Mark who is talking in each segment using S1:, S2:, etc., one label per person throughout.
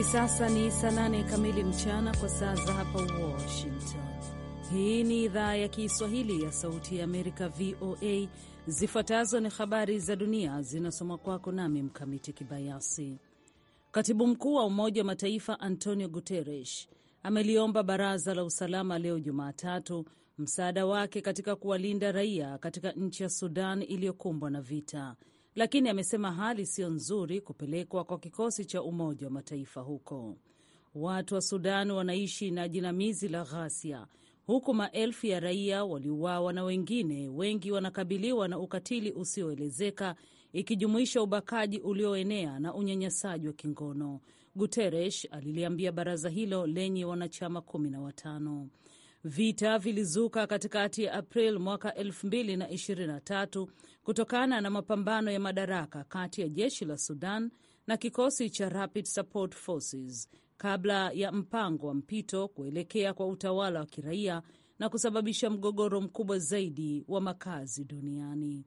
S1: Hivi sasa ni saa nane kamili mchana kwa saa za hapa Washington. Hii ni idhaa ya Kiswahili ya Sauti ya Amerika, VOA. Zifuatazo ni habari za dunia zinasoma kwako nami Mkamiti Kibayasi. Katibu mkuu wa Umoja wa Mataifa Antonio Guterres ameliomba Baraza la Usalama leo Jumatatu msaada wake katika kuwalinda raia katika nchi ya Sudan iliyokumbwa na vita lakini amesema hali siyo nzuri kupelekwa kwa kikosi cha Umoja wa Mataifa huko. Watu wa Sudan wanaishi na jinamizi la ghasia, huku maelfu ya raia waliuawa na wengine wengi wanakabiliwa na ukatili usioelezeka ikijumuisha ubakaji ulioenea na unyanyasaji wa kingono. Guterres aliliambia baraza hilo lenye wanachama kumi na watano. Vita vilizuka katikati ya April mwaka 2023 kutokana na mapambano ya madaraka kati ya jeshi la Sudan na kikosi cha Rapid Support Forces kabla ya mpango wa mpito kuelekea kwa utawala wa kiraia na kusababisha mgogoro mkubwa zaidi wa makazi duniani.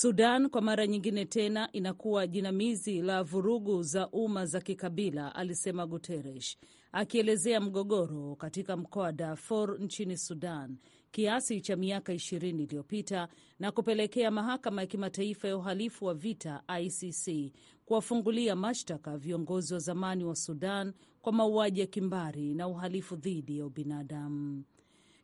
S1: Sudan kwa mara nyingine tena inakuwa jinamizi la vurugu za umma za kikabila, alisema Guterres akielezea mgogoro katika mkoa wa Darfur nchini Sudan kiasi cha miaka ishirini iliyopita na kupelekea mahakama ya kimataifa ya uhalifu wa vita ICC kuwafungulia mashtaka viongozi wa zamani wa Sudan kwa mauaji ya kimbari na uhalifu dhidi ya ubinadamu.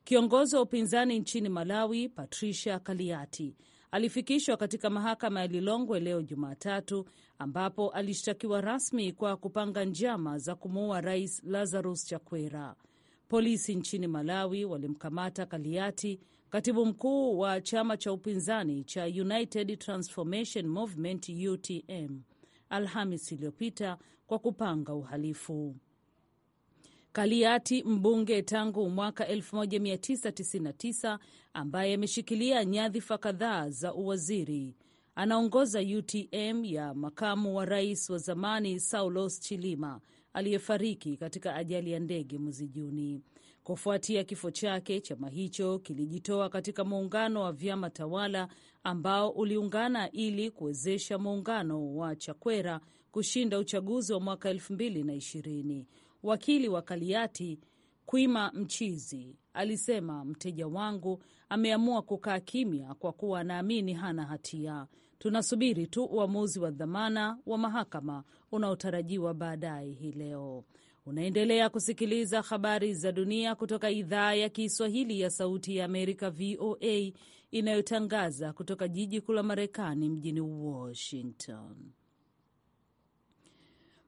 S1: Kiongozi wa upinzani nchini Malawi Patricia Kaliati alifikishwa katika mahakama ya Lilongwe leo Jumatatu, ambapo alishtakiwa rasmi kwa kupanga njama za kumuua Rais Lazarus Chakwera. Polisi nchini Malawi walimkamata Kaliati, katibu mkuu wa chama cha upinzani cha United Transformation Movement, UTM, Alhamis iliyopita kwa kupanga uhalifu. Kaliati, mbunge tangu mwaka 1999 ambaye ameshikilia nyadhifa kadhaa za uwaziri, anaongoza UTM ya makamu wa rais wa zamani Saulos Chilima aliyefariki katika ajali ya ndege mwezi Juni. Kufuatia kifo chake, chama hicho kilijitoa katika muungano wa vyama tawala ambao uliungana ili kuwezesha muungano wa Chakwera kushinda uchaguzi wa mwaka elfu mbili na ishirini Wakili wa Kaliati Kwima Mchizi alisema mteja wangu ameamua kukaa kimya kwa kuwa anaamini hana hatia. Tunasubiri tu uamuzi wa dhamana wa mahakama unaotarajiwa baadaye hii leo. Unaendelea kusikiliza habari za dunia kutoka idhaa ya Kiswahili ya Sauti ya Amerika, VOA, inayotangaza kutoka jiji kuu la Marekani, mjini Washington.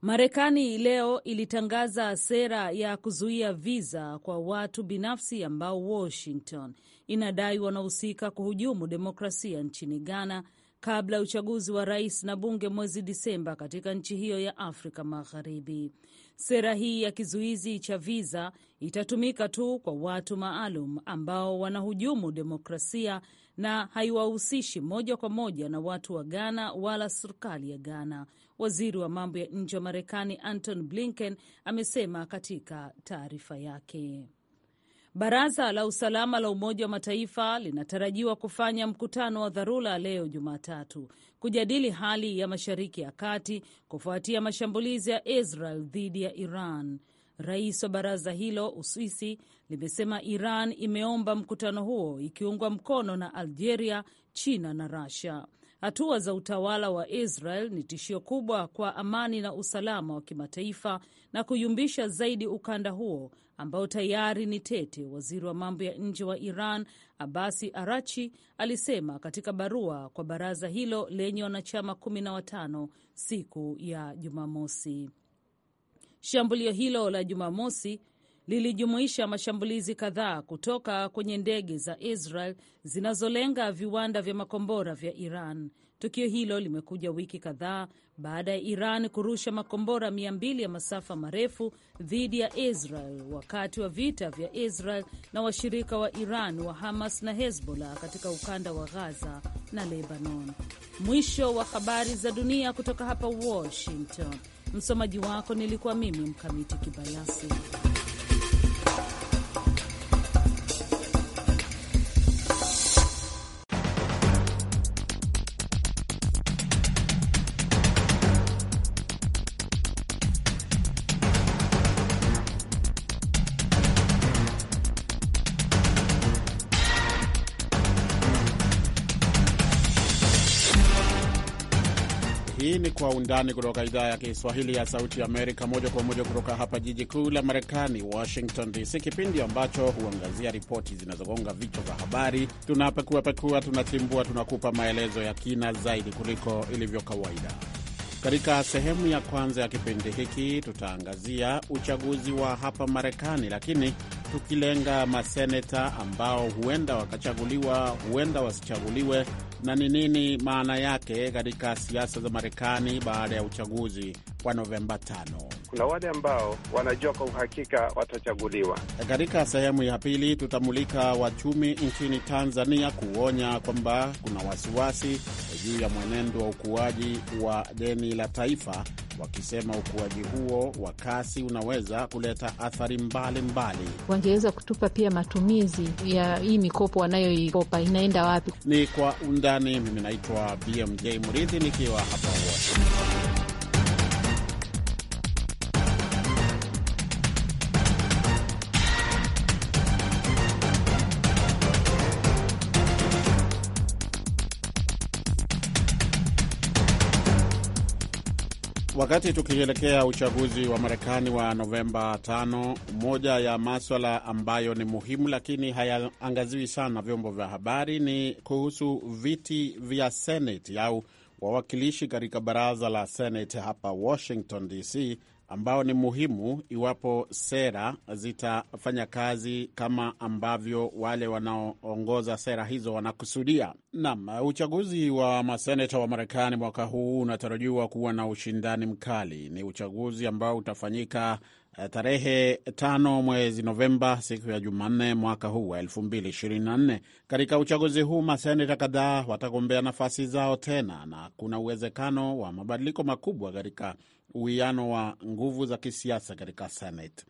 S1: Marekani leo ilitangaza sera ya kuzuia viza kwa watu binafsi ambao Washington inadai wanahusika kuhujumu demokrasia nchini Ghana kabla ya uchaguzi wa rais na bunge mwezi Disemba katika nchi hiyo ya Afrika Magharibi. Sera hii ya kizuizi cha viza itatumika tu kwa watu maalum ambao wanahujumu demokrasia na haiwahusishi moja kwa moja na watu wa Ghana wala serikali ya Ghana waziri wa mambo ya nje wa Marekani Anton Blinken amesema katika taarifa yake. Baraza la usalama la Umoja wa Mataifa linatarajiwa kufanya mkutano wa dharura leo Jumatatu kujadili hali ya Mashariki ya Kati kufuatia mashambulizi ya Israel dhidi ya Iran. Rais wa baraza hilo Uswisi limesema Iran imeomba mkutano huo ikiungwa mkono na Algeria, China na Russia. Hatua za utawala wa Israel ni tishio kubwa kwa amani na usalama wa kimataifa na kuyumbisha zaidi ukanda huo ambao tayari ni tete, waziri wa mambo ya nje wa Iran Abasi Arachi alisema katika barua kwa baraza hilo lenye wanachama kumi na watano siku ya Jumamosi. Shambulio hilo la Jumamosi lilijumuisha mashambulizi kadhaa kutoka kwenye ndege za Israel zinazolenga viwanda vya makombora vya Iran. Tukio hilo limekuja wiki kadhaa baada ya Iran kurusha makombora 200 ya masafa marefu dhidi ya Israel wakati wa vita vya Israel na washirika wa Iran wa Hamas na Hezbollah katika ukanda wa Gaza na Lebanon. Mwisho wa habari za dunia kutoka hapa Washington. Msomaji wako nilikuwa mimi Mkamiti Kibayasi.
S2: Kwa Undani kutoka idhaa ya Kiswahili ya Sauti Amerika, moja kwa moja kutoka hapa jiji kuu la Marekani, Washington DC, kipindi ambacho huangazia ripoti zinazogonga vichwa vya habari. Tunapekuapekua, tunatimbua, tunakupa maelezo ya kina zaidi kuliko ilivyo kawaida. Katika sehemu ya kwanza ya kipindi hiki tutaangazia uchaguzi wa hapa Marekani, lakini tukilenga maseneta ambao huenda wakachaguliwa, huenda wasichaguliwe na ni nini maana yake katika siasa za Marekani baada ya uchaguzi wa Novemba a
S3: Kuna wale ambao wanajua kwa uhakika watachaguliwa.
S2: Katika sehemu ya pili, tutamulika wachumi nchini Tanzania kuonya kwamba kuna wasiwasi juu ya mwenendo wa ukuaji wa deni la taifa wakisema ukuaji huo wa kasi unaweza kuleta athari mbalimbali.
S4: Wangeweza kutupa pia matumizi ya hii mikopo wanayoikopa inaenda wapi.
S2: Ni kwa undani. Mimi naitwa BMJ Murithi nikiwa hapa Washington. Wakati tukielekea uchaguzi wa Marekani wa Novemba 5, moja ya maswala ambayo ni muhimu lakini hayaangaziwi sana vyombo vya habari ni kuhusu viti vya Senate au wawakilishi katika baraza la Senate hapa Washington DC, ambao ni muhimu iwapo sera zitafanya kazi kama ambavyo wale wanaoongoza sera hizo wanakusudia. Naam, uchaguzi wa maseneta wa Marekani mwaka huu unatarajiwa kuwa na ushindani mkali. Ni uchaguzi ambao utafanyika eh, tarehe tano mwezi Novemba, siku ya Jumanne mwaka huu wa 224 Katika uchaguzi huu maseneta kadhaa watagombea nafasi zao tena na kuna uwezekano wa mabadiliko makubwa katika uwiano wa nguvu za kisiasa katika Senate.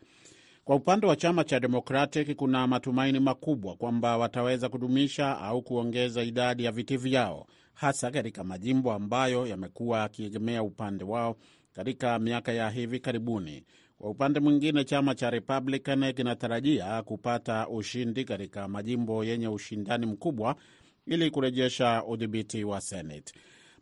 S2: Kwa upande wa chama cha Democratic kuna matumaini makubwa kwamba wataweza kudumisha au kuongeza idadi ya viti vyao, hasa katika majimbo ambayo yamekuwa yakiegemea upande wao katika miaka ya hivi karibuni. Kwa upande mwingine, chama cha Republican kinatarajia kupata ushindi katika majimbo yenye ushindani mkubwa ili kurejesha udhibiti wa Senate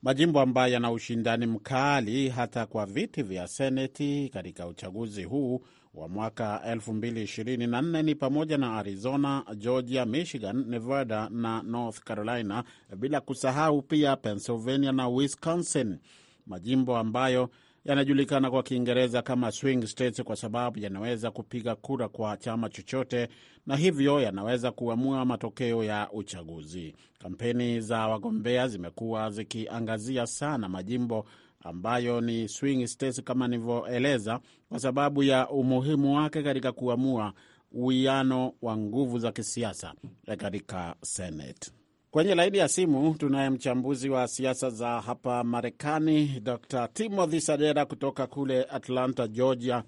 S2: majimbo ambayo yana ushindani mkali hata kwa viti vya seneti katika uchaguzi huu wa mwaka 2024 ni pamoja na Arizona, Georgia, Michigan, Nevada na North Carolina, bila kusahau pia Pennsylvania na Wisconsin, majimbo ambayo yanajulikana kwa Kiingereza kama swing states kwa sababu yanaweza kupiga kura kwa chama chochote na hivyo yanaweza kuamua matokeo ya uchaguzi. Kampeni za wagombea zimekuwa zikiangazia sana majimbo ambayo ni swing states kama nilivyoeleza, kwa sababu ya umuhimu wake katika kuamua uwiano wa nguvu za kisiasa katika Senate. Kwenye laini ya simu tunaye mchambuzi wa siasa za hapa Marekani, Dr Timothy Sadera kutoka kule Atlanta, Georgia.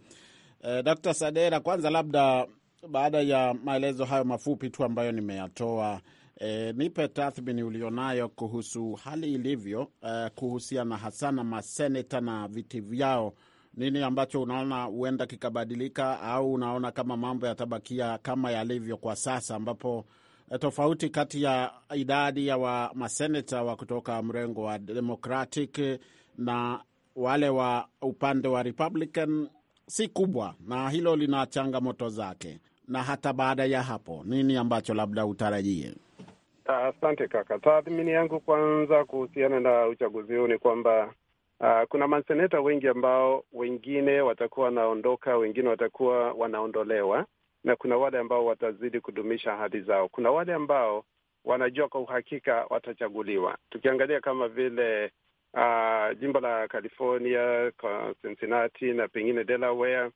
S2: Eh, Dr Sadera, kwanza labda baada ya maelezo hayo mafupi tu ambayo nimeyatoa, eh, nipe tathmini ulionayo kuhusu hali ilivyo, eh, kuhusiana hasa na maseneta na viti vyao. Nini ambacho unaona huenda kikabadilika, au unaona kama mambo yatabakia kama yalivyo kwa sasa ambapo Eh, tofauti kati ya idadi ya wa maseneta wa kutoka mrengo wa Democratic na wale wa upande wa Republican si kubwa, na hilo lina changamoto zake. Na hata baada ya hapo, nini ambacho labda utarajie?
S3: Asante kaka. Tathmini yangu kwanza kuhusiana na uchaguzi huu ni kwamba Uh, kuna maseneta wengi ambao wengine watakuwa wanaondoka, wengine watakuwa wanaondolewa, na kuna wale ambao watazidi kudumisha ahadi zao. Kuna wale ambao wanajua kwa uhakika watachaguliwa, tukiangalia kama vile uh, jimbo la California, Cincinnati na pengine Delaware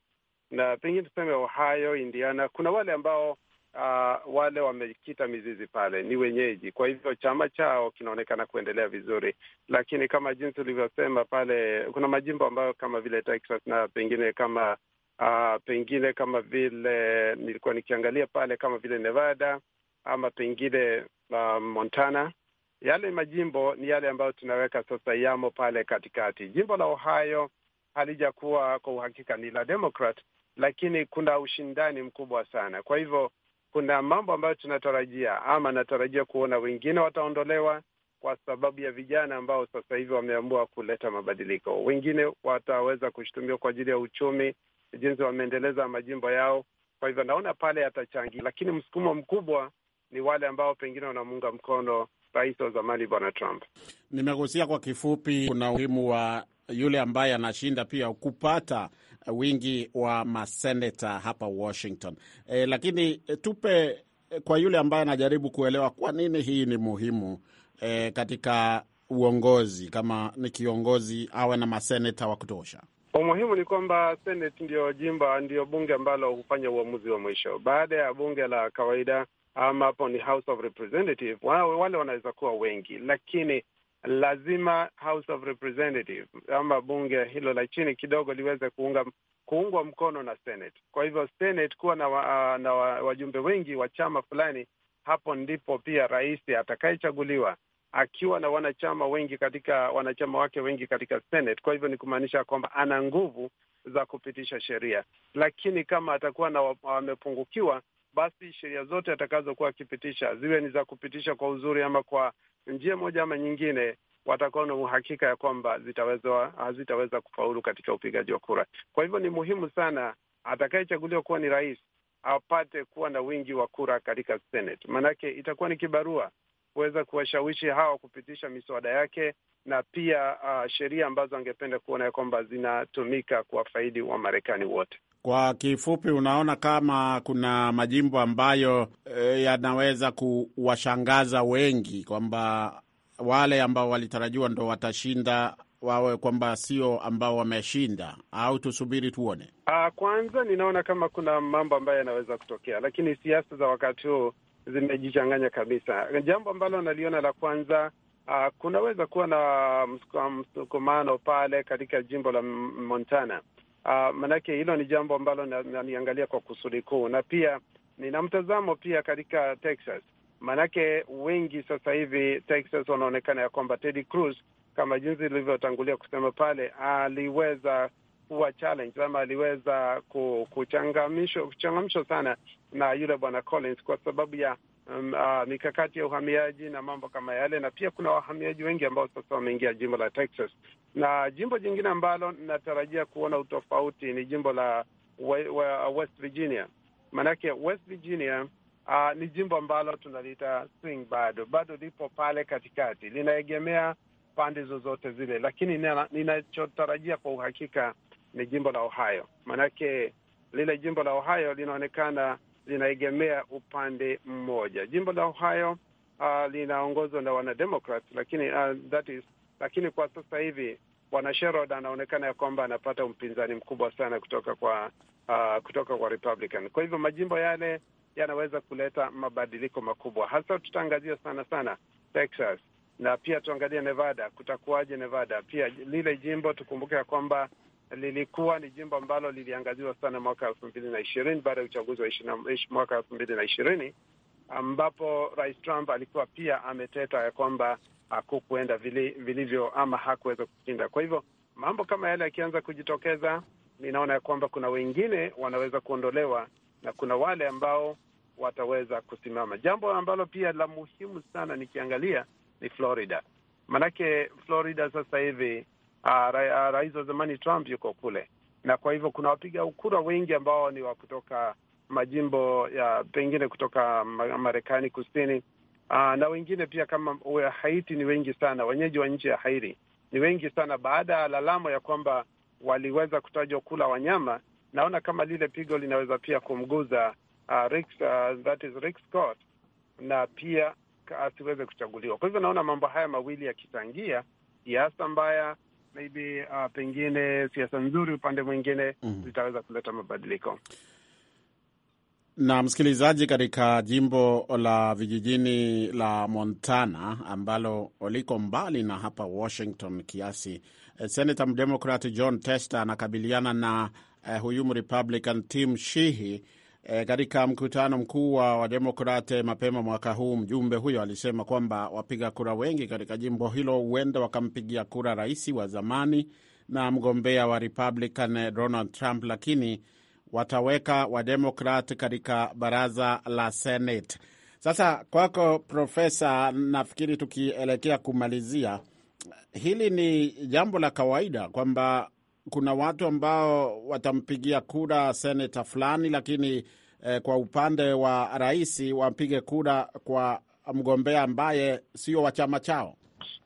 S3: na pengine tuseme Ohio, Indiana. Kuna wale ambao uh, wale wamekita mizizi pale, ni wenyeji, kwa hivyo chama chao kinaonekana kuendelea vizuri, lakini kama jinsi ulivyosema pale, kuna majimbo ambayo kama vile Texas na pengine kama uh, pengine kama vile nilikuwa nikiangalia pale kama vile Nevada ama pengine uh, Montana. Yale majimbo ni yale ambayo tunaweka sasa yamo pale katikati. Jimbo la Ohio halijakuwa kwa uhakika ni la Democrat, lakini kuna ushindani mkubwa sana. Kwa hivyo kuna mambo ambayo tunatarajia ama natarajia kuona wengine wataondolewa kwa sababu ya vijana ambao sasa hivi wameamua kuleta mabadiliko. Wengine wataweza kushutumiwa kwa ajili ya uchumi jinsi wameendeleza majimbo yao. Kwa hivyo naona pale atachangia, lakini msukumo mkubwa ni wale ambao pengine wanamuunga mkono rais wa zamani bwana Trump.
S2: Nimegusia kwa kifupi, kuna umuhimu wa yule ambaye anashinda pia kupata wingi wa maseneta hapa Washington. E, lakini tupe kwa yule ambaye anajaribu kuelewa kwa nini hii ni muhimu e, katika uongozi, kama ni kiongozi awe na maseneta wa kutosha.
S3: Umuhimu ni kwamba Senate ndiyo jimba, ndiyo bunge ambalo hufanya uamuzi wa mwisho baada ya bunge la kawaida, ama hapo ni House of Representative. Wale wanaweza kuwa wengi, lakini lazima House of Representative ama bunge hilo la chini kidogo liweze kuunga kuungwa mkono na Senate. Kwa hivyo Senate kuwa na, wa, na wa, wajumbe wengi wa chama fulani, hapo ndipo pia rais atakayechaguliwa akiwa na wanachama wengi katika wanachama wake wengi katika Senate. Kwa hivyo ni kumaanisha kwamba ana nguvu za kupitisha sheria, lakini kama atakuwa na wamepungukiwa, basi sheria zote atakazokuwa akipitisha ziwe ni za kupitisha kwa uzuri ama kwa njia moja ama nyingine, watakuwa na uhakika ya kwamba zitaweza hazitaweza kufaulu katika upigaji wa kura. Kwa hivyo ni muhimu sana atakayechaguliwa kuwa ni rais apate kuwa na wingi wa kura katika Senate, maanake itakuwa ni kibarua kuweza kuwashawishi hawa kupitisha miswada yake na pia uh, sheria ambazo angependa kuona ya kwamba zinatumika kwa faidi wa marekani wote.
S2: Kwa kifupi, unaona kama kuna majimbo ambayo e, yanaweza kuwashangaza wengi kwamba wale ambao walitarajiwa ndo watashinda wawe kwamba sio ambao wameshinda, au tusubiri tuone?
S3: Aa, uh, kwanza ninaona kama kuna mambo ambayo yanaweza kutokea, lakini siasa za wakati huu zimejichanganya kabisa. Jambo ambalo naliona la kwanza, uh, kunaweza kuwa na msukumano pale katika jimbo la Montana. Uh, ah, maanake hilo ni jambo ambalo naliangalia kwa kusudi kuu, na pia nina mtazamo pia katika Texas, maanake wengi sasa hivi Texas wanaonekana ya kwamba Ted Cruz kama jinsi ilivyotangulia kusema pale, aliweza kuwa challenge ama aliweza kuchangamshwa sana na yule bwana Collins kwa sababu ya um, uh, mikakati ya uhamiaji na mambo kama yale, na pia kuna wahamiaji wengi ambao sasa wameingia jimbo la Texas. Na jimbo jingine ambalo natarajia kuona utofauti ni jimbo la we, we, West Virginia, maanake West Virginia uh, ni jimbo ambalo tunaliita swing, bado bado lipo pale katikati, linaegemea pande zozote zile, lakini ninachotarajia kwa uhakika ni jimbo la Ohio. Maanake lile jimbo la Ohio linaonekana linaegemea upande mmoja. Jimbo la Ohio uh, linaongozwa na wanademokrat, lakini uh, that is, lakini kwa sasa hivi bwana Sherrod anaonekana ya kwamba anapata mpinzani mkubwa sana kutoka kwa uh, kutoka kwa Republican. Kwa hivyo majimbo yale yanaweza kuleta mabadiliko makubwa, hasa tutaangazia sana sana Texas na pia tuangalie Nevada. Kutakuwaje Nevada? Pia lile jimbo tukumbuke ya kwamba lilikuwa ni jimbo ambalo liliangaziwa sana mwaka elfu mbili na ishirini baada ya uchaguzi wa mwaka elfu mbili na ishirini ambapo Rais Trump alikuwa pia ameteta ya kwamba hakukuenda vilivyo ama hakuweza kushinda. Kwa hivyo mambo kama yale yakianza kujitokeza, ninaona ya kwamba kuna wengine wanaweza kuondolewa na kuna wale ambao wataweza kusimama. Jambo ambalo pia la muhimu sana nikiangalia ni Florida, maanake Florida sasa hivi Ah, ra, ah, rais wa zamani Trump yuko kule, na kwa hivyo kuna wapiga kura wengi ambao ni wa kutoka majimbo ya pengine kutoka Marekani kusini aa, ah, na wengine pia kama Haiti ni wengi sana, wenyeji wa nchi ya Haiti ni wengi sana. Baada ya lalamo ya kwamba waliweza kutajwa kula wanyama, naona kama lile pigo linaweza pia kumguza uh, Rick, uh, that is Rick Scott, na pia asiweze kuchaguliwa. Kwa hivyo naona mambo haya mawili yakichangia, siasa mbaya maybe uh, pengine siasa nzuri upande mwingine mm. zitaweza kuleta mabadiliko.
S2: Na msikilizaji, katika jimbo la vijijini la Montana ambalo liko mbali na hapa Washington kiasi, eh, senata mdemokrat John Tester anakabiliana na uh, huyu mrepublican Tim Sheehy E, katika mkutano mkuu wa Wademokrate mapema mwaka huu, mjumbe huyo alisema kwamba wapiga kura wengi katika jimbo hilo huenda wakampigia kura rais wa zamani na mgombea wa Republican Donald Trump, lakini wataweka Wademokrat katika baraza la Senate. Sasa kwako Profesa, nafikiri tukielekea kumalizia, hili ni jambo la kawaida kwamba kuna watu ambao watampigia kura seneta fulani, lakini eh, kwa upande wa rais wampige kura kwa mgombea ambaye sio wa chama chao.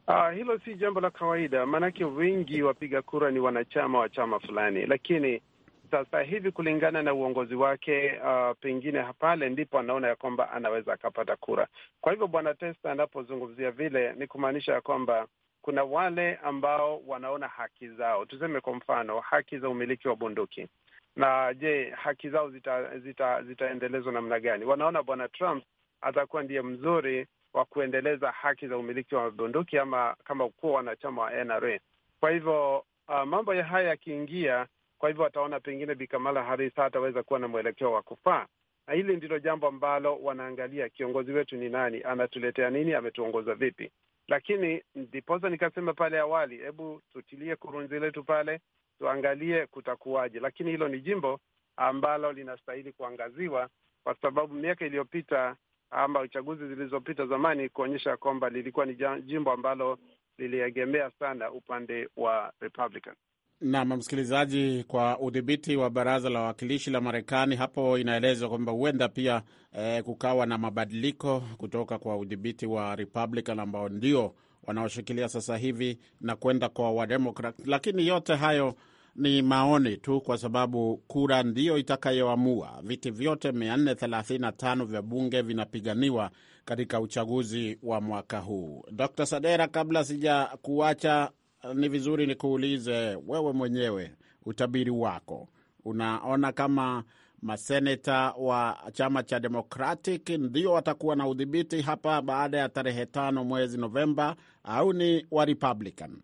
S3: Ah, hilo si jambo la kawaida, maanake wengi wapiga kura ni wanachama wa chama fulani, lakini sasa hivi kulingana na uongozi wake, uh, pengine pale ndipo anaona ya kwamba anaweza akapata kura. Kwa hivyo bwana Testa anapozungumzia vile, ni kumaanisha ya kwamba kuna wale ambao wanaona haki zao, tuseme kwa mfano haki za umiliki wa bunduki na je, haki zao zitaendelezwa zita, zita namna gani? Wanaona bwana Trump atakuwa ndiye mzuri wa kuendeleza haki za umiliki wa bunduki ama kama kuwa wanachama wa NRA. Kwa hivyo uh, mambo ya haya yakiingia, kwa hivyo wataona pengine Bi Kamala Harris hataweza kuwa na mwelekeo wa kufaa, na hili ndilo jambo ambalo wanaangalia, kiongozi wetu ni nani, anatuletea nini, ametuongoza vipi. Lakini ndiposa nikasema pale awali, hebu tutilie kurunzi letu pale, tuangalie kutakuwaje. Lakini hilo ni jimbo ambalo linastahili kuangaziwa kwa sababu miaka iliyopita ama uchaguzi zilizopita zamani kuonyesha kwamba lilikuwa ni jimbo ambalo liliegemea sana upande wa Republican.
S2: Nam msikilizaji, kwa udhibiti wa baraza la wawakilishi la Marekani hapo, inaelezwa kwamba huenda pia e, kukawa na mabadiliko kutoka kwa udhibiti wa Republican ambao ndio wanaoshikilia sasa hivi na kwenda kwa Wademokrat, lakini yote hayo ni maoni tu, kwa sababu kura ndiyo itakayoamua. Viti vyote 435 vya bunge vinapiganiwa katika uchaguzi wa mwaka huu. Dr Sadera, kabla sijakuacha ni vizuri nikuulize wewe mwenyewe utabiri wako, unaona kama maseneta wa chama cha Democratic ndio watakuwa na udhibiti hapa baada ya tarehe tano mwezi Novemba au ni wa Republican?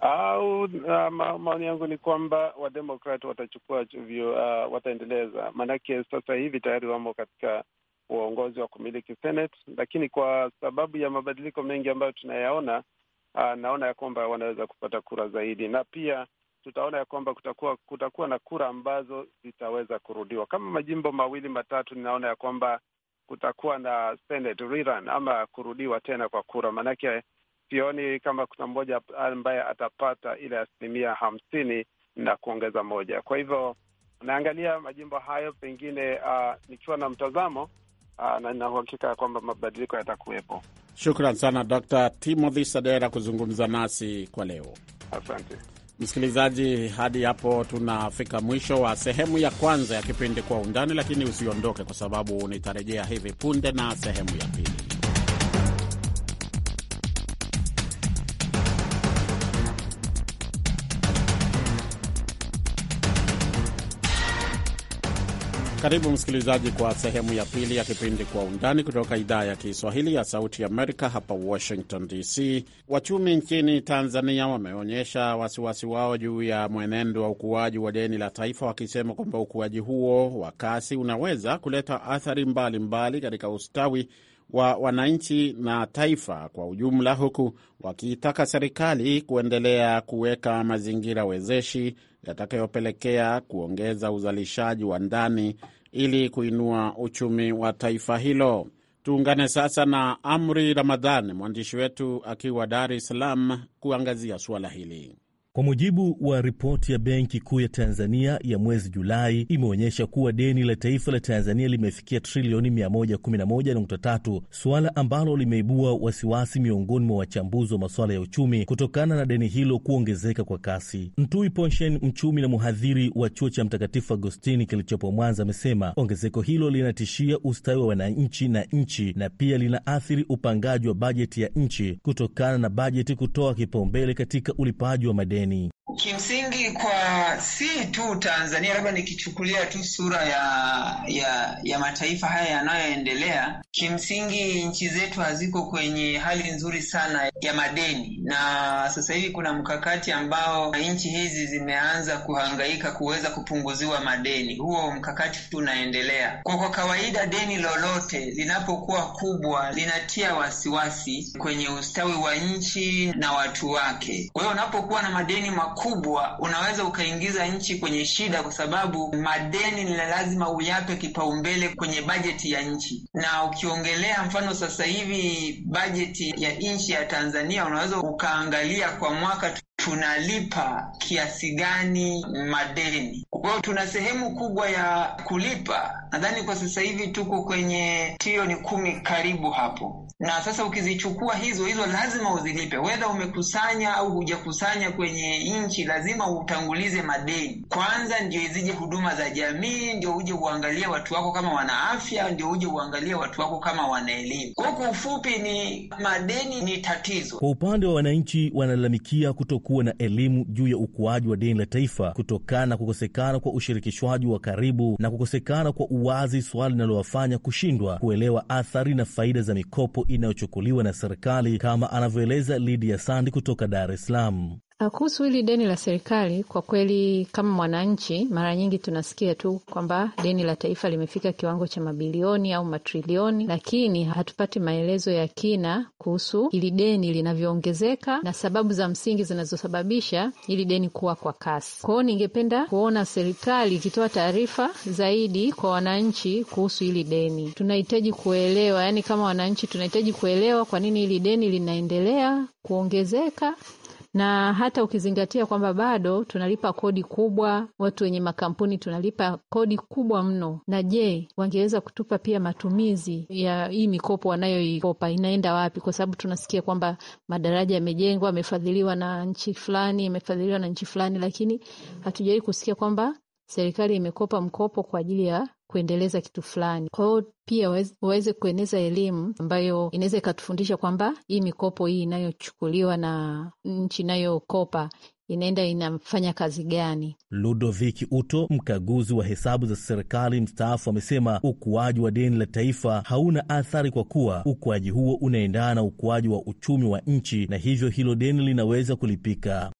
S3: au uh, maoni yangu ni kwamba wademokrat watachukua vyo, uh, wataendeleza, maanake sasa hivi tayari wamo katika uongozi wa kumiliki Senate, lakini kwa sababu ya mabadiliko mengi ambayo tunayaona Ah, naona ya kwamba wanaweza kupata kura zaidi, na pia tutaona ya kwamba kutakuwa kutakuwa na kura ambazo zitaweza kurudiwa kama majimbo mawili matatu. Ninaona ya kwamba kutakuwa na Senate rerun ama kurudiwa tena kwa kura, maanake sioni kama kuna mmoja ambaye atapata ile asilimia hamsini na kuongeza moja. Kwa hivyo naangalia majimbo hayo pengine, uh, nikiwa na mtazamo uh, na nina ya kwamba mabadiliko yatakuwepo.
S2: Shukran sana Dr Timothy Sadera kuzungumza nasi kwa leo. Asante msikilizaji, hadi hapo tunafika mwisho wa sehemu ya kwanza ya kipindi Kwa Undani, lakini usiondoke, kwa sababu nitarejea hivi punde na sehemu ya pili. Karibu msikilizaji kwa sehemu ya pili ya kipindi Kwa Undani kutoka idhaa ya Kiswahili ya Sauti Amerika hapa Washington DC. Wachumi nchini Tanzania wameonyesha wasiwasi wao juu ya mwenendo wa ukuaji wa deni la taifa, wakisema kwamba ukuaji huo wa kasi unaweza kuleta athari mbalimbali katika ustawi wa wananchi na taifa kwa ujumla, huku wakiitaka serikali kuendelea kuweka mazingira wezeshi yatakayopelekea kuongeza uzalishaji wa ndani ili kuinua uchumi wa taifa hilo. Tuungane sasa na Amri Ramadhan, mwandishi wetu akiwa Dar es Salaam, kuangazia suala hili.
S5: Kwa mujibu wa ripoti ya Benki Kuu ya Tanzania ya mwezi Julai, imeonyesha kuwa deni la taifa la Tanzania limefikia trilioni 111.3, suala ambalo limeibua wasiwasi miongoni mwa wachambuzi wa masuala ya uchumi kutokana na deni hilo kuongezeka kwa kasi. Mtui Ponshen, mchumi na mhadhiri wa chuo cha Mtakatifu Agostini kilichopo Mwanza, amesema ongezeko hilo linatishia ustawi wa wananchi na nchi na pia linaathiri upangaji wa bajeti ya nchi kutokana na bajeti kutoa kipaumbele katika ulipaji wa madeni. any
S6: Kimsingi kwa si tu Tanzania, labda nikichukulia tu sura ya ya ya mataifa haya yanayoendelea, kimsingi nchi zetu haziko kwenye hali nzuri sana ya madeni, na sasa hivi kuna mkakati ambao nchi hizi zimeanza kuhangaika kuweza kupunguziwa madeni. Huo mkakati unaendelea. Kwa kwa kawaida deni lolote linapokuwa kubwa linatia wasiwasi kwenye ustawi wa nchi na watu wake. Kwa hiyo unapokuwa na madeni makubwa, unaweza ukaingiza nchi kwenye shida, kwa sababu madeni ni lazima uyape kipaumbele kwenye bajeti ya nchi. Na ukiongelea mfano sasa hivi bajeti ya nchi ya Tanzania, unaweza ukaangalia kwa mwaka tunalipa kiasi gani madeni. Kwa hiyo tuna sehemu kubwa ya kulipa. Nadhani kwa sasa hivi tuko kwenye trilioni kumi karibu hapo, na sasa ukizichukua hizo hizo lazima uzilipe, wedha umekusanya au hujakusanya kwenye nchi, lazima utangulize madeni kwanza, ndio izije huduma za jamii, ndio uje uangalie watu wako kama wana afya, ndio uje uangalie watu wako kama wana elimu. Kwa ufupi, ni madeni ni tatizo.
S5: Kwa upande wa wananchi, wanalalamikia kutoku kuwa na elimu juu ya ukuaji wa deni la taifa kutokana na kukosekana kwa ushirikishwaji wa karibu na kukosekana kwa uwazi, suala linalowafanya kushindwa kuelewa athari na faida za mikopo inayochukuliwa na serikali, kama anavyoeleza Lidia Sandi kutoka Dar es Salaam.
S4: Uh, kuhusu hili deni la serikali, kwa kweli, kama mwananchi, mara nyingi tunasikia tu kwamba deni la taifa limefika kiwango cha mabilioni au matrilioni, lakini hatupati maelezo ya kina kuhusu hili deni linavyoongezeka na sababu za msingi zinazosababisha hili deni kuwa kwa kasi. Kwa hiyo, ningependa kuona serikali ikitoa taarifa zaidi kwa wananchi kuhusu hili deni. Tunahitaji kuelewa, yani kama wananchi tunahitaji kuelewa kwa nini hili deni linaendelea kuongezeka na hata ukizingatia kwamba bado tunalipa kodi kubwa, watu wenye makampuni tunalipa kodi kubwa mno. Na je, wangeweza kutupa pia matumizi ya hii mikopo wanayoikopa inaenda wapi? Kwa sababu tunasikia kwamba madaraja yamejengwa, yamefadhiliwa na nchi fulani, yamefadhiliwa na nchi fulani, lakini hatujawahi kusikia kwamba serikali imekopa mkopo kwa ajili ya kuendeleza kitu fulani. Kwa hiyo pia waweze kueneza elimu ambayo inaweza ikatufundisha kwamba hii mikopo hii inayochukuliwa na nchi inayokopa inaenda inafanya kazi gani?
S5: Ludoviki Uto, mkaguzi wa hesabu za serikali mstaafu, amesema ukuaji wa deni la taifa hauna athari kwa kuwa ukuaji huo unaendana na ukuaji wa uchumi wa nchi, na hivyo hilo deni linaweza kulipika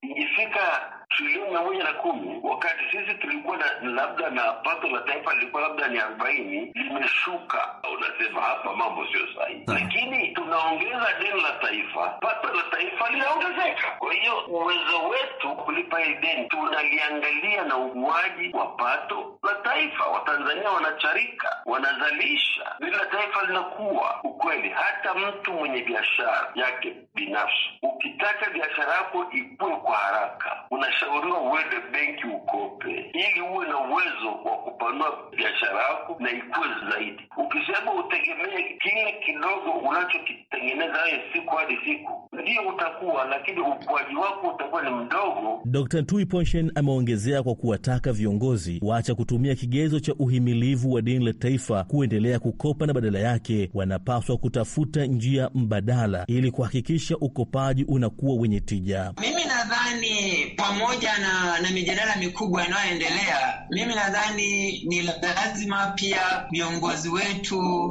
S7: trilioni mia moja na kumi wakati sisi tulikuwa na labda na pato la taifa lilikuwa labda ni arobaini limeshuka. Unasema hapa mambo sio sahihi, hmm.
S3: lakini tunaongeza deni la
S7: taifa, pato
S3: la taifa linaongezeka. Kwa hiyo
S7: uwezo wetu kulipa hili deni tunaliangalia na ukuaji wa pato la taifa. Watanzania wanacharika, wanazalisha, deni la taifa linakuwa. Ukweli hata mtu mwenye biashara yake binafsi. Ukitaka biashara yako ikue kwa haraka, unashauriwa uende benki ukope, ili uwe na uwezo
S3: wa kupanua biashara yako na ikue zaidi. Ukisema utegemee kile kidogo unachokitengeneza wewe siku hadi siku, ndiyo utakuwa, lakini ukuaji wako utakuwa ni mdogo.
S5: Dr. Tui Poshen ameongezea kwa kuwataka viongozi waacha kutumia kigezo cha uhimilivu wa deni la taifa kuendelea kukopa, na badala yake wanapaswa kutafuta njia mbadala ili kuhakikisha kuhakikisha ukopaji unakuwa wenye tija.
S6: Mimi nadhani pamoja na, na mijadala mikubwa inayoendelea, mimi nadhani ni lazima pia viongozi wetu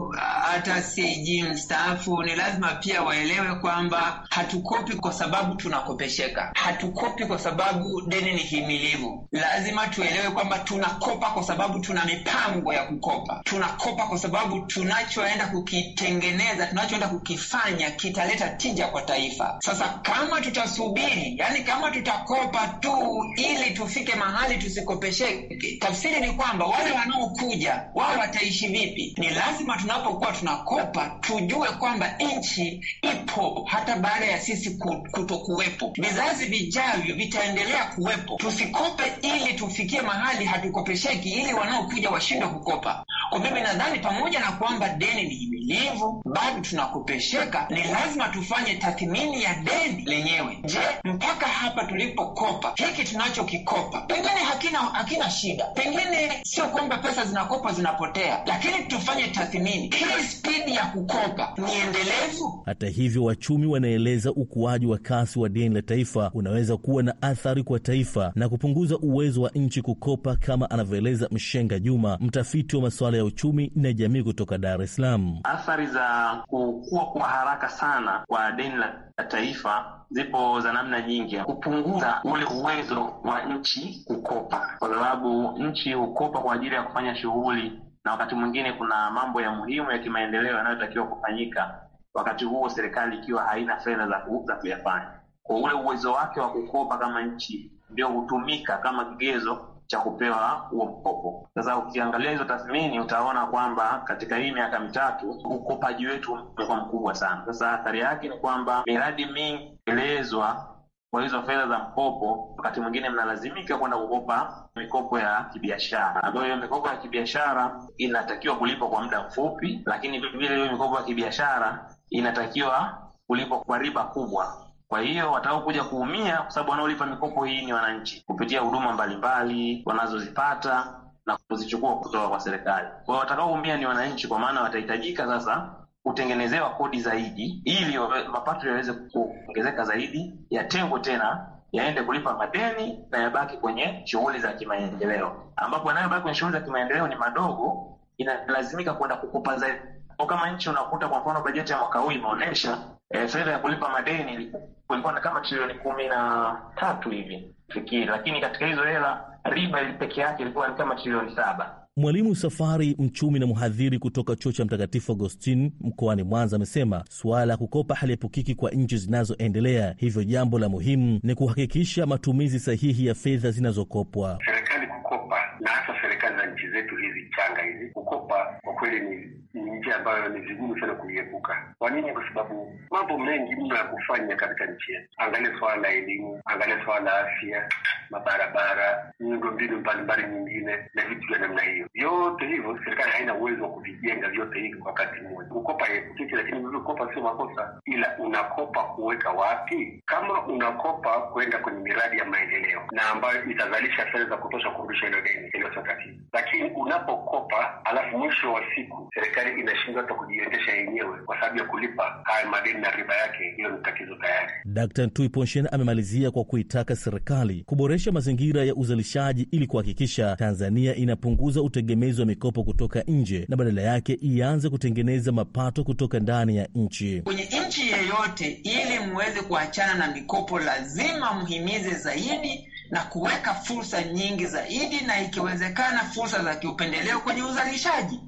S6: hata CAG mstaafu ni lazima pia waelewe kwamba hatukopi kwa sababu tunakopesheka, hatukopi kwa sababu deni ni himilivu. Lazima tuelewe kwamba tunakopa kwa sababu tuna mipango ya kukopa, tunakopa kwa sababu tunachoenda kukitengeneza, tunachoenda kukifanya kitaleta tija kwa taifa. Sasa kama tutasubiri yani kama tutakopa tu ili tufike mahali tusikopesheke, tafsiri ni kwamba wale wanaokuja wao wataishi vipi? Ni lazima tunapokuwa tunakopa tujue kwamba nchi ipo hata baada ya sisi kutokuwepo. Vizazi vijavyo vitaendelea kuwepo. Tusikope ili tufikie mahali hatukopesheki, ili wanaokuja washindwe kukopa.
S3: Kwa mimi nadhani
S6: pamoja na kwamba deni ni endelevu, bado tunakopesheka, ni lazima tufanye tathmini ya deni lenyewe. Je, mpaka hapa tulipokopa, hiki tunachokikopa pengine hakina hakina shida, pengine sio kwamba pesa zinakopa zinapotea, lakini tufanye tathmini, hii spidi ya kukopa ni endelevu?
S5: Hata hivyo, wachumi wanaeleza ukuaji wa kasi wa deni la taifa unaweza kuwa na athari kwa taifa na kupunguza uwezo wa nchi kukopa, kama anavyoeleza Mshenga Juma, mtafiti wa masuala ya uchumi na jamii kutoka Dar es Salaam
S7: athari za kukua kwa haraka sana kwa deni la taifa zipo za namna nyingi, kupunguza ule uwezo wa nchi kukopa, kwa sababu nchi hukopa kwa ajili ya kufanya shughuli, na wakati mwingine kuna mambo ya muhimu ya kimaendeleo yanayotakiwa kufanyika, wakati huo serikali ikiwa haina fedha za kuyafanya. Kwa ule uwezo wake wa kukopa kama nchi ndio hutumika kama kigezo cha kupewa huo mkopo. Sasa ukiangalia hizo tathmini, utaona kwamba katika hii miaka mitatu ukopaji wetu umekuwa mkubwa sana. Sasa athari yake ni kwamba miradi mingi elezwa kwa hizo fedha za mkopo, wakati mwingine mnalazimika kwenda kukopa mikopo ya kibiashara, ambayo hiyo mikopo ya kibiashara inatakiwa kulipwa kwa muda mfupi, lakini vilevile hiyo mikopo ya kibiashara inatakiwa kulipwa kwa riba kubwa. Kwa hiyo watakaokuja kuumia, kwa sababu wanaolipa mikopo hii ni wananchi kupitia huduma mbalimbali wanazozipata na kuzichukua kutoka kwa serikali. Kwa hiyo watakaoumia ni wananchi, kwa maana watahitajika sasa kutengenezewa kodi zaidi ili mapato yaweze kuongezeka zaidi, yatengwe tena yaende kulipa madeni na yabaki kwenye shughuli za kimaendeleo, ambapo yanayobaki kwenye shughuli za kimaendeleo ni madogo, inalazimika kwenda kukopa zaidi. Kama nchi unakuta kwa mfano bajeti ya mwaka huu imeonyesha E, ya kulipa madeni kulikuwa na kama trilioni kumi na tatu hivi fikiri, lakini katika hizo hela riba peke yake ilikuwa ni kama trilioni saba.
S5: Mwalimu Safari, mchumi na mhadhiri kutoka chuo cha Mtakatifu agostin mkoani Mwanza, amesema suala ya kukopa haliepukiki kwa nchi zinazoendelea, hivyo jambo la muhimu ni kuhakikisha matumizi sahihi ya fedha zinazokopwa. Serikali kukopa na hasa serikali za nchi zetu hizi changa
S7: hizi kukopa kweli ni ni njia ambayo ni vigumu sana kuiepuka. Kwa nini? Kwa sababu mambo mengi mno ya kufanya katika nchi yetu. Angalia swala la elimu, angalia swala la afya, mabarabara, miundo mbinu mbalimbali nyingine na vitu vya namna hiyo. Vyote hivyo serikali haina uwezo wa kuvijenga vyote hivi kwa wakati mmoja. Kukopa yepukiki, lakini ulivyokopa sio makosa, ila unakopa kuweka wapi? Kama unakopa kwenda kwenye miradi ya maendeleo na ambayo itazalisha fedha za kutosha kurudisha hilo deni iliyosakati, lakini unapokopa alafu mwisho wa siku serikali inashindwa hata kujiendesha yenyewe kwa sababu ya kulipa haya madeni na riba yake.
S5: Hiyo ni tatizo tayari. Dkt Ntui Ponshen amemalizia kwa kuitaka serikali kuboresha mazingira ya uzalishaji ili kuhakikisha Tanzania inapunguza utegemezi wa mikopo kutoka nje na badala yake ianze kutengeneza mapato kutoka ndani ya nchi.
S6: Kwenye nchi yeyote, ili mweze kuachana na mikopo, lazima mhimize zaidi na kuweka fursa nyingi zaidi, na ikiwezekana fursa za kiupendeleo kwenye uzalishaji.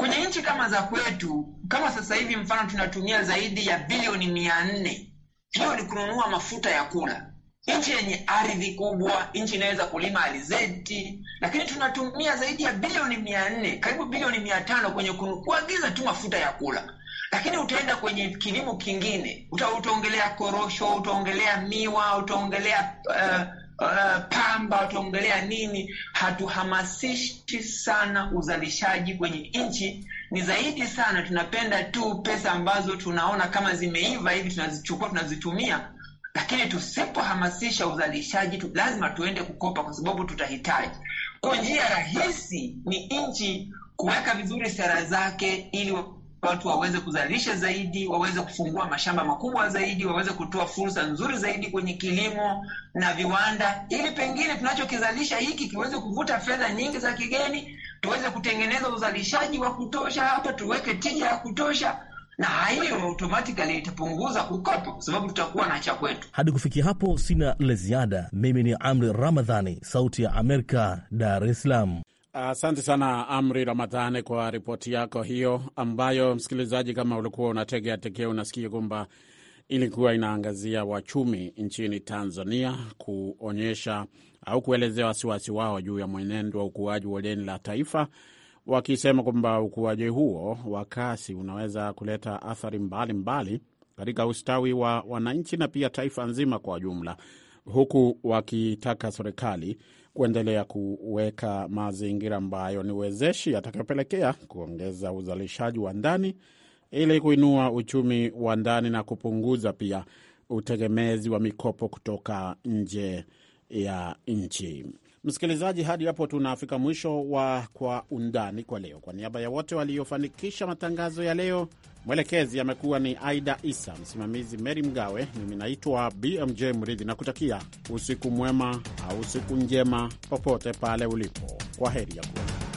S6: Kwenye nchi kama za kwetu, kama sasa hivi mfano tunatumia zaidi ya bilioni mia nne hiyo ni kununua mafuta ya kula. Nchi yenye ardhi kubwa, nchi inaweza kulima alizeti, lakini tunatumia zaidi ya bilioni mia nne karibu bilioni mia tano kwenye kuagiza tu mafuta ya kula lakini utaenda kwenye kilimo kingine utaongelea korosho, utaongelea miwa, utaongelea uh, uh, pamba, tuongelea nini. Hatuhamasishi sana uzalishaji kwenye nchi, ni zaidi sana tunapenda tu pesa ambazo tunaona kama zimeiva hivi, tunazichukua tunazitumia lakini tusipohamasisha uzalishaji tu, lazima tuende kukopa kwa sababu tutahitaji. Kwa njia rahisi ni nchi kuweka vizuri sera zake ili watu waweze kuzalisha zaidi, waweze kufungua mashamba makubwa zaidi, waweze kutoa fursa nzuri zaidi kwenye kilimo na viwanda, ili pengine tunachokizalisha hiki kiweze kuvuta fedha nyingi za kigeni, tuweze kutengeneza uzalishaji wa kutosha hapa, tuweke tija ya kutosha na hiyo automatically itapunguza kukopa kwa sababu tutakuwa na cha kwetu.
S5: Hadi kufikia hapo, sina la ziada. Mimi ni Amri Ramadhani, Sauti ya Amerika, Dar es Salaam.
S2: Asante sana Amri Ramadhani kwa ripoti yako hiyo, ambayo msikilizaji, kama ulikuwa unategea tekea, unasikia kwamba ilikuwa inaangazia wachumi nchini Tanzania kuonyesha au kuelezea wasiwasi wao juu ya mwenendo wa ukuaji wa deni la taifa, wakisema kwamba ukuaji huo wa kasi unaweza kuleta athari mbalimbali katika ustawi wa wananchi na pia taifa nzima kwa jumla huku wakitaka serikali kuendelea kuweka mazingira ambayo ni wezeshi yatakayopelekea kuongeza uzalishaji wa ndani ili kuinua uchumi wa ndani na kupunguza pia utegemezi wa mikopo kutoka nje ya nchi. Msikilizaji, hadi hapo tunafika mwisho wa Kwa Undani kwa leo. Kwa niaba ya wote waliofanikisha matangazo ya leo, mwelekezi amekuwa ni Aida Isa, msimamizi Meri Mgawe, mimi naitwa BMJ Mridhi na kutakia usiku mwema au usiku njema popote pale ulipo. Kwa heri ya kuona.